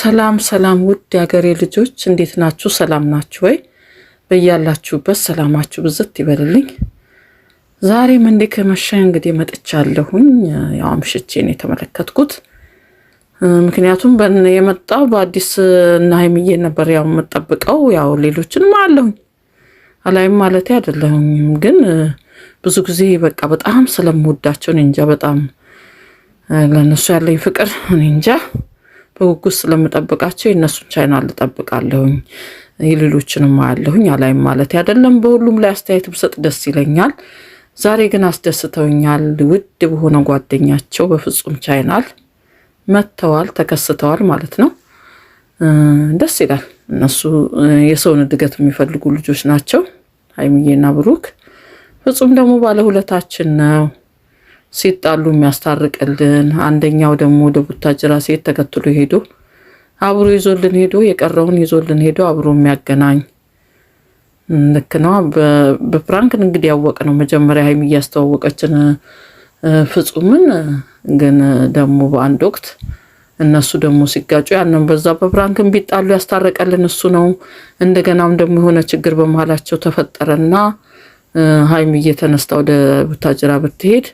ሰላም ሰላም ውድ የሀገሬ ልጆች እንዴት ናችሁ? ሰላም ናችሁ ወይ? በያላችሁበት ሰላማችሁ ብዝት ይበልልኝ። ዛሬም እንዴ ከመሸ እንግዲህ መጥቻለሁኝ። ያው አምሽቼን የተመለከትኩት ምክንያቱም የመጣው በአዲስ እና ሀይሚዬ ነበር ያው የምጠብቀው። ያው ሌሎችንም አለሁኝ አላይም ማለት አይደለሁም፣ ግን ብዙ ጊዜ በቃ በጣም ስለምወዳቸው እኔ እንጃ በጣም ለእነሱ ያለኝ ፍቅር እኔ እንጃ በጉጉት ስለምጠብቃቸው የእነሱን ቻይናል ልጠብቃለሁኝ፣ የሌሎችንም ማያለሁኝ አላይም ማለት አይደለም። በሁሉም ላይ አስተያየት ብሰጥ ደስ ይለኛል። ዛሬ ግን አስደስተውኛል። ውድ በሆነ ጓደኛቸው በፍጹም ቻይናል መጥተዋል፣ ተከስተዋል ማለት ነው። ደስ ይላል። እነሱ የሰውን እድገት የሚፈልጉ ልጆች ናቸው። ሀይሚዬና ብሩክ ፍጹም ደግሞ ባለሁለታችን ነው። ሲጣሉ የሚያስታርቅልን፣ አንደኛው ደግሞ ወደ ቡታጅራ ሴት ተከትሎ ሄዶ አብሮ ይዞልን ሄዶ የቀረውን ይዞልን ሄዶ አብሮ የሚያገናኝ ልክ ነው። በፕራንክን እንግዲህ ያወቅ ነው መጀመሪያ ሀይሚ እያስተዋወቀችን ፍጹምን ግን ደግሞ በአንድ ወቅት እነሱ ደግሞ ሲጋጩ ያንን በዛ በፕራንክን ቢጣሉ ያስታረቀልን እሱ ነው። እንደገናም ደግሞ የሆነ ችግር በመሀላቸው ተፈጠረና ሀይሚ እየተነስታ ወደ ቡታጅራ ብትሄድ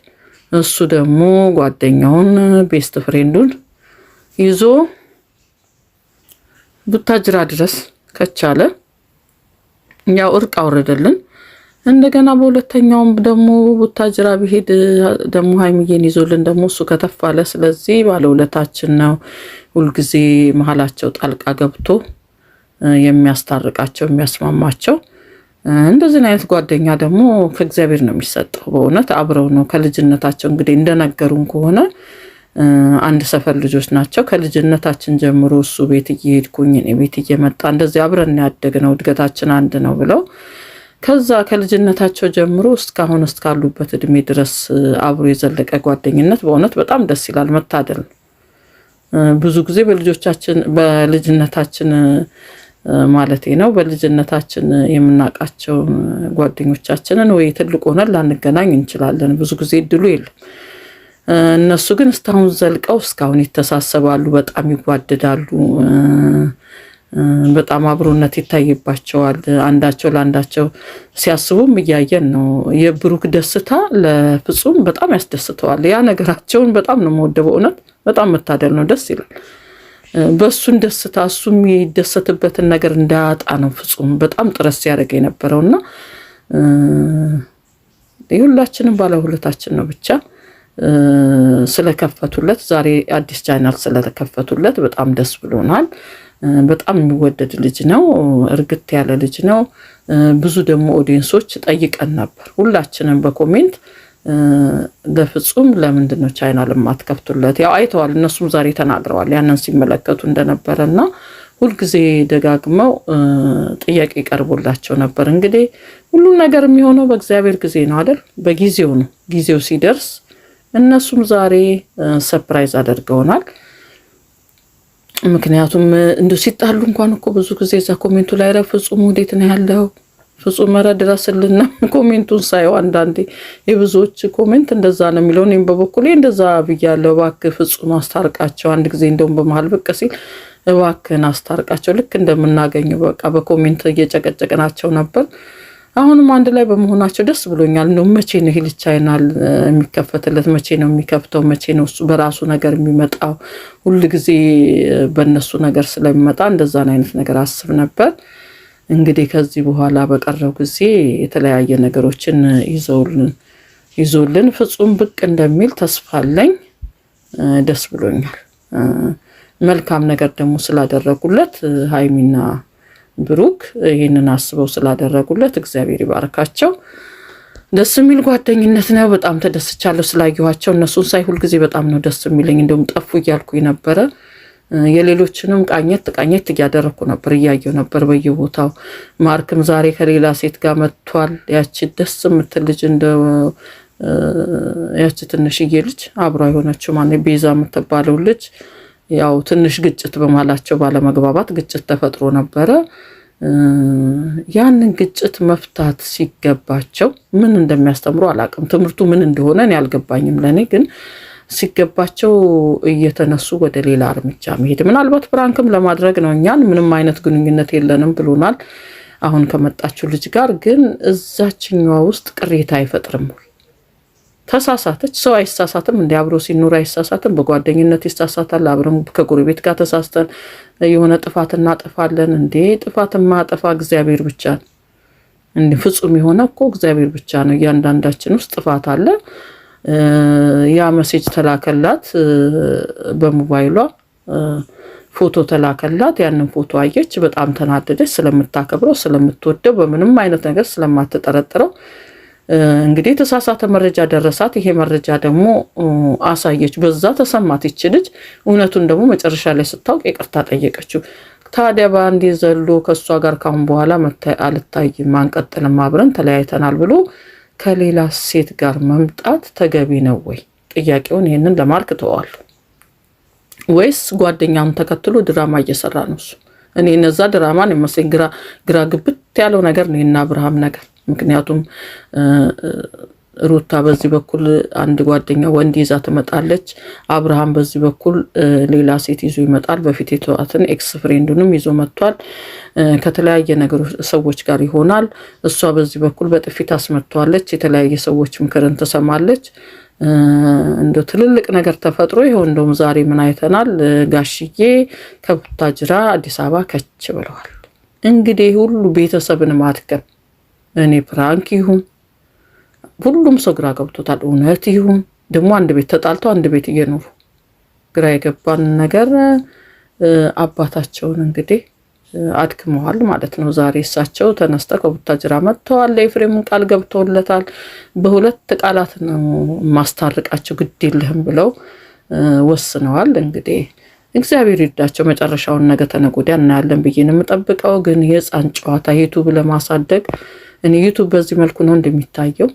እሱ ደግሞ ጓደኛውን ቤስት ፍሬንዱን ይዞ ቡታጅራ ድረስ ከቻለ ያው እርቅ አውረደልን። እንደገና በሁለተኛውም ደግሞ ቡታጅራ ቢሄድ ደግሞ ሀይሚዬን ይዞልን ደግሞ እሱ ከተፋለ። ስለዚህ ባለውለታችን ነው። ሁልጊዜ መሀላቸው ጣልቃ ገብቶ የሚያስታርቃቸው የሚያስማማቸው እንደዚህ አይነት ጓደኛ ደግሞ ከእግዚአብሔር ነው የሚሰጠው። በእውነት አብረው ነው ከልጅነታቸው እንግዲህ እንደነገሩን ከሆነ አንድ ሰፈር ልጆች ናቸው። ከልጅነታችን ጀምሮ እሱ ቤት እየሄድኩኝ እኔ ቤት እየመጣ እንደዚህ አብረን ያደግ ነው እድገታችን አንድ ነው ብለው ከዛ ከልጅነታቸው ጀምሮ እስካሁን እስካሉበት እድሜ ድረስ አብሮ የዘለቀ ጓደኝነት በእውነት በጣም ደስ ይላል። መታደል ብዙ ጊዜ በልጆቻችን በልጅነታችን ማለቴ ነው። በልጅነታችን የምናውቃቸው ጓደኞቻችንን ወይ ትልቅ ሆነን ላንገናኝ እንችላለን። ብዙ ጊዜ እድሉ የለም። እነሱ ግን እስካሁን ዘልቀው እስካሁን ይተሳሰባሉ፣ በጣም ይጓደዳሉ፣ በጣም አብሮነት ይታይባቸዋል። አንዳቸው ለአንዳቸው ሲያስቡም እያየን ነው። የብሩክ ደስታ ለፍጹም በጣም ያስደስተዋል። ያ ነገራቸውን በጣም ነው መወደበ እውነት በጣም መታደል ነው። ደስ ይላል። በእሱን ደስታ እሱ የሚደሰትበትን ነገር እንዳያጣ ነው ፍጹም በጣም ጥረት ሲያደርግ የነበረው እና የሁላችንም ባለውለታችን ነው። ብቻ ስለከፈቱለት ዛሬ አዲስ ቻናል ስለተከፈቱለት በጣም ደስ ብሎናል። በጣም የሚወደድ ልጅ ነው። እርግት ያለ ልጅ ነው። ብዙ ደግሞ ኦዲየንሶች ጠይቀን ነበር ሁላችንም በኮሜንት በፍጹም ለምንድን ነው ለማት ከፍቶለት ያው አይተዋል፣ እነሱም ዛሬ ተናግረዋል ያንን ሲመለከቱ እንደነበረ እና ሁልጊዜ ደጋግመው ጥያቄ ቀርቦላቸው ነበር። እንግዲህ ሁሉም ነገር የሚሆነው በእግዚአብሔር ጊዜ ነው አይደል? በጊዜው ነው። ጊዜው ሲደርስ እነሱም ዛሬ ሰፕራይዝ አድርገውናል። ምክንያቱም እንዲሁ ሲጣሉ እንኳን እኮ ብዙ ጊዜ እዛ ኮሜንቱ ላይ ፍጹም ወዴት ነው ያለው ፍጹም መረ ድረስልና ኮሜንቱን ሳየው አንዳንዴ የብዙዎች ኮሜንት እንደዛ ነው የሚለው። እኔም በበኩሌ እንደዛ ብያለሁ። እባክህ ፍጹም አስታርቃቸው። አንድ ጊዜ እንደውም በመሀል ብቅ ሲል እባክህን አስታርቃቸው፣ ልክ እንደምናገኘው በቃ በኮሜንት እየጨቀጨቅናቸው ነበር። አሁንም አንድ ላይ በመሆናቸው ደስ ብሎኛል። እንደው መቼ ነው ይሄ ቻይናል የሚከፈትለት? መቼ ነው የሚከፍተው? መቼ ነው እሱ በራሱ ነገር የሚመጣው? ሁል ጊዜ በእነሱ ነገር ስለሚመጣ እንደዛን አይነት ነገር አስብ ነበር። እንግዲህ ከዚህ በኋላ በቀረው ጊዜ የተለያየ ነገሮችን ይዘውልን ይዞልን ፍጹም ብቅ እንደሚል ተስፋ አለኝ። ደስ ብሎኛል። መልካም ነገር ደግሞ ስላደረጉለት ሀይሚና ብሩክ ይህንን አስበው ስላደረጉለት እግዚአብሔር ይባርካቸው። ደስ የሚል ጓደኝነት ነው። በጣም ተደስቻለሁ ስላየኋቸው። እነሱን ሳይ ሁልጊዜ በጣም ነው ደስ የሚለኝ። እንደውም ጠፉ እያልኩ ነበረ። የሌሎችንም ቃኘት ቃኘት እያደረግኩ ነበር፣ እያየው ነበር በየቦታው። ማርክም ዛሬ ከሌላ ሴት ጋር መጥቷል። ያቺ ደስ የምትል ልጅ እንደ ያቺ ትንሽዬ ልጅ አብሯ የሆነችው ማ ቤዛ የምትባለው ልጅ ያው ትንሽ ግጭት በማላቸው ባለመግባባት ግጭት ተፈጥሮ ነበረ። ያንን ግጭት መፍታት ሲገባቸው ምን እንደሚያስተምሩ አላውቅም። ትምህርቱ ምን እንደሆነ እኔ አልገባኝም። ለእኔ ግን ሲገባቸው እየተነሱ ወደ ሌላ እርምጃ መሄድ ምናልባት ፕራንክም ለማድረግ ነው። እኛን ምንም አይነት ግንኙነት የለንም ብሎናል። አሁን ከመጣችው ልጅ ጋር ግን እዛችኛዋ ውስጥ ቅሬታ አይፈጥርም ወይ? ተሳሳተች። ሰው አይሳሳትም፣ እንዲ አብሮ ሲኖር አይሳሳትም። በጓደኝነት ይሳሳታል። አብረን ከጎረቤት ጋር ተሳስተን የሆነ ጥፋት እናጠፋለን። እንዴ ጥፋት ማጠፋ እግዚአብሔር ብቻ ነው። ፍጹም የሆነ እኮ እግዚአብሔር ብቻ ነው። እያንዳንዳችን ውስጥ ጥፋት አለ። ያ መሴጅ ተላከላት በሞባይሏ ፎቶ ተላከላት። ያንን ፎቶ አየች። በጣም ተናደደች። ስለምታከብረው ስለምትወደው፣ በምንም አይነት ነገር ስለማትጠረጥረው እንግዲህ የተሳሳተ መረጃ ደረሳት። ይሄ መረጃ ደግሞ አሳየች። በዛ ተሰማት። ይች ልጅ እውነቱን ደግሞ መጨረሻ ላይ ስታውቅ ይቅርታ ጠየቀችው። ታዲያ በአንድ ዘሎ ከእሷ ጋር ካሁን በኋላ አልታይም፣ አንቀጥልም፣ አብረን ተለያይተናል ብሎ ከሌላ ሴት ጋር መምጣት ተገቢ ነው ወይ? ጥያቄውን ይህንን ለማርክ ተዋዋሉ ወይስ ጓደኛውን ተከትሎ ድራማ እየሰራ ነው እሱ? እኔ እነዛ ድራማ ነው የሚመስለኝ። ግራ ግብት ያለው ነገር ነው የና አብርሃም ነገር ምክንያቱም ሩታ በዚህ በኩል አንድ ጓደኛ ወንድ ይዛ ትመጣለች። አብርሃም በዚህ በኩል ሌላ ሴት ይዞ ይመጣል። በፊት የተዋትን ኤክስ ፍሬንዱንም ይዞ መጥቷል። ከተለያየ ነገሮች ሰዎች ጋር ይሆናል። እሷ በዚህ በኩል በጥፊት አስመጥተዋለች። የተለያየ ሰዎች ምክርን ትሰማለች። እንደ ትልልቅ ነገር ተፈጥሮ ይሆን? እንደውም ዛሬ ምን አይተናል? ጋሽዬ ከቡታጅራ አዲስ አበባ ከች ብለዋል። እንግዲህ ሁሉ ቤተሰብን ማትከም እኔ ፕራንክ ይሁን ሁሉም ሰው ግራ ገብቶታል። እውነት ይሁን ደግሞ አንድ ቤት ተጣልተው አንድ ቤት እየኖሩ ግራ የገባን ነገር አባታቸውን እንግዲህ አድክመዋል ማለት ነው። ዛሬ እሳቸው ተነስተው ከቡታጅራ መጥተዋል። ለኤፍሬምን ቃል ገብተውለታል። በሁለት ቃላት ነው ማስታርቃቸው ግድ የለህም ብለው ወስነዋል። እንግዲህ እግዚአብሔር ይርዳቸው። መጨረሻውን ነገ ተነገ ወዲያ እናያለን ብዬ ነው የምጠብቀው። ግን የህፃን ጨዋታ ዩቱብ ለማሳደግ እኔ ዩቱብ በዚህ መልኩ ነው እንደሚታየው።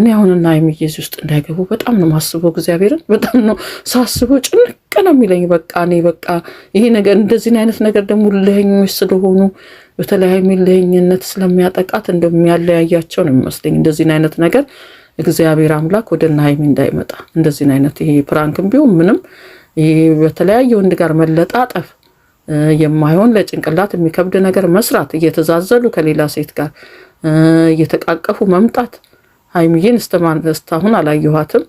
እኔ አሁን እና የሚጌዝ ውስጥ እንዳይገቡ በጣም ነው ማስበው። እግዚአብሔርን በጣም ነው ሳስበው ጭንቅ ነው የሚለኝ። በቃ እኔ በቃ ይሄ ነገር እንደዚህን አይነት ነገር ደግሞ ልህኞች ስለሆኑ በተለያዩ ልህኝነት ስለሚያጠቃት እንደሚያለያያቸው ነው የሚመስለኝ። እንደዚህን አይነት ነገር እግዚአብሔር አምላክ ወደ እና ሀይሚ እንዳይመጣ እንደዚህን አይነት ይሄ ፕራንክም ቢሆን ምንም ይሄ በተለያየ ወንድ ጋር መለጣጠፍ የማይሆን ለጭንቅላት የሚከብድ ነገር መስራት፣ እየተዛዘሉ ከሌላ ሴት ጋር እየተቃቀፉ መምጣት። ሀይሚዬን እስካሁን አላየኋትም።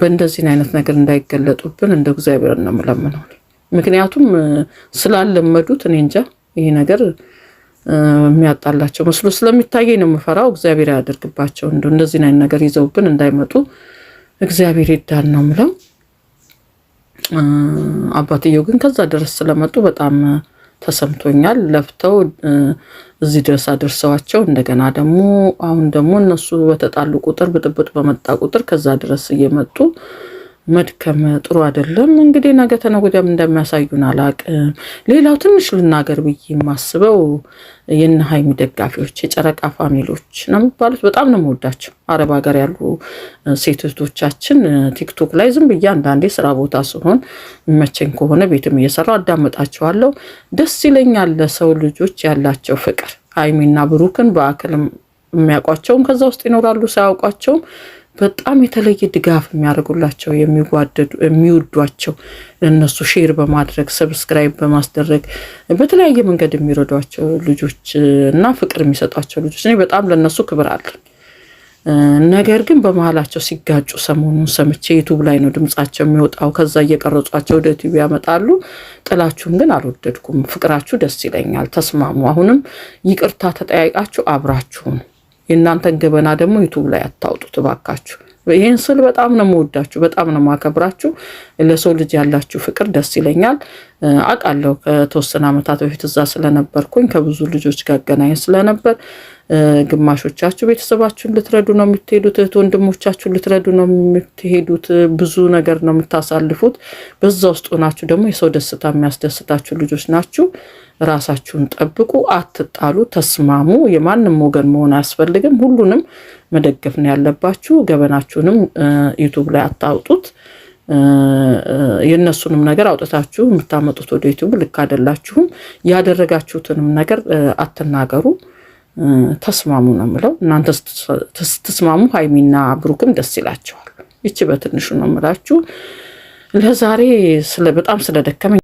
በእንደዚህን አይነት ነገር እንዳይገለጡብን እንደ እግዚአብሔር ነው ምክንያቱም ስላለመዱት እኔ እንጃ ይህ ነገር የሚያጣላቸው መስሎ ስለሚታየኝ ነው የምፈራው። እግዚአብሔር ያደርግባቸው እንደ እንደዚህን አይነት ነገር ይዘውብን እንዳይመጡ እግዚአብሔር ይዳን ነው የምለው። አባትየው ግን ከዛ ድረስ ስለመጡ በጣም ተሰምቶኛል። ለፍተው እዚህ ድረስ አድርሰዋቸው እንደገና ደግሞ አሁን ደግሞ እነሱ በተጣሉ ቁጥር ብጥብጥ በመጣ ቁጥር ከዛ ድረስ እየመጡ መድከም ጥሩ አይደለም። እንግዲህ ነገ ተነገ ወዲያም እንደሚያሳዩን አላቅም። ሌላው ትንሽ ልናገር ብዬ የማስበው የነሀይሚ ሀይሚ ደጋፊዎች የጨረቃ ፋሚሊዎች ነው የሚባሉት በጣም ነው የምወዳቸው። አረብ ሀገር ያሉ ሴት እህቶቻችን ቲክቶክ ላይ ዝም ብዬ አንዳንዴ ስራ ቦታ ሲሆን የሚመቸኝ ከሆነ ቤትም እየሰራ አዳምጣቸዋለሁ። ደስ ይለኛል ለሰው ልጆች ያላቸው ፍቅር ሀይሚና ብሩክን በአካልም የሚያውቋቸውም ከዛ ውስጥ ይኖራሉ ሳያውቋቸውም በጣም የተለየ ድጋፍ የሚያደርጉላቸው የሚጓደዱ የሚወዷቸው እነሱ ሼር በማድረግ ሰብስክራይብ በማስደረግ በተለያየ መንገድ የሚረዷቸው ልጆች እና ፍቅር የሚሰጧቸው ልጆች እኔ በጣም ለእነሱ ክብር አለኝ። ነገር ግን በመሀላቸው ሲጋጩ ሰሞኑን ሰምቼ ዩቱብ ላይ ነው ድምጻቸው የሚወጣው። ከዛ እየቀረጿቸው ወደ ቲቪ ያመጣሉ። ጥላችሁም ግን አልወደድኩም። ፍቅራችሁ ደስ ይለኛል። ተስማሙ። አሁንም ይቅርታ ተጠያይቃችሁ አብራችሁን የእናንተን ገበና ደግሞ ዩቱብ ላይ አታውጡት እባካችሁ። ይህን ስል በጣም ነው መወዳችሁ፣ በጣም ነው ማከብራችሁ። ለሰው ልጅ ያላችሁ ፍቅር ደስ ይለኛል። አውቃለሁ ከተወሰነ ዓመታት በፊት እዛ ስለነበርኩኝ ከብዙ ልጆች ጋር ገናኝ ስለነበር ግማሾቻችሁ ቤተሰባችሁን ልትረዱ ነው የምትሄዱት። እህት ወንድሞቻችሁን ልትረዱ ነው የምትሄዱት። ብዙ ነገር ነው የምታሳልፉት። በዛ ውስጥ ሆናችሁ ደግሞ የሰው ደስታ የሚያስደስታችሁ ልጆች ናችሁ። ራሳችሁን ጠብቁ፣ አትጣሉ፣ ተስማሙ። የማንም ወገን መሆን አያስፈልግም። ሁሉንም መደገፍ ነው ያለባችሁ። ገበናችሁንም ዩቱብ ላይ አታውጡት። የእነሱንም ነገር አውጥታችሁ የምታመጡት ወደ ዩቱብ ልክ አይደላችሁም። ያደረጋችሁትንም ነገር አትናገሩ። ተስማሙ ነው የምለው። እናንተ ስትስማሙ ሀይሚና ብሩክም ደስ ይላቸዋል። ይቺ በትንሹ ነው የምላችሁ ለዛሬ በጣም ስለደከመኝ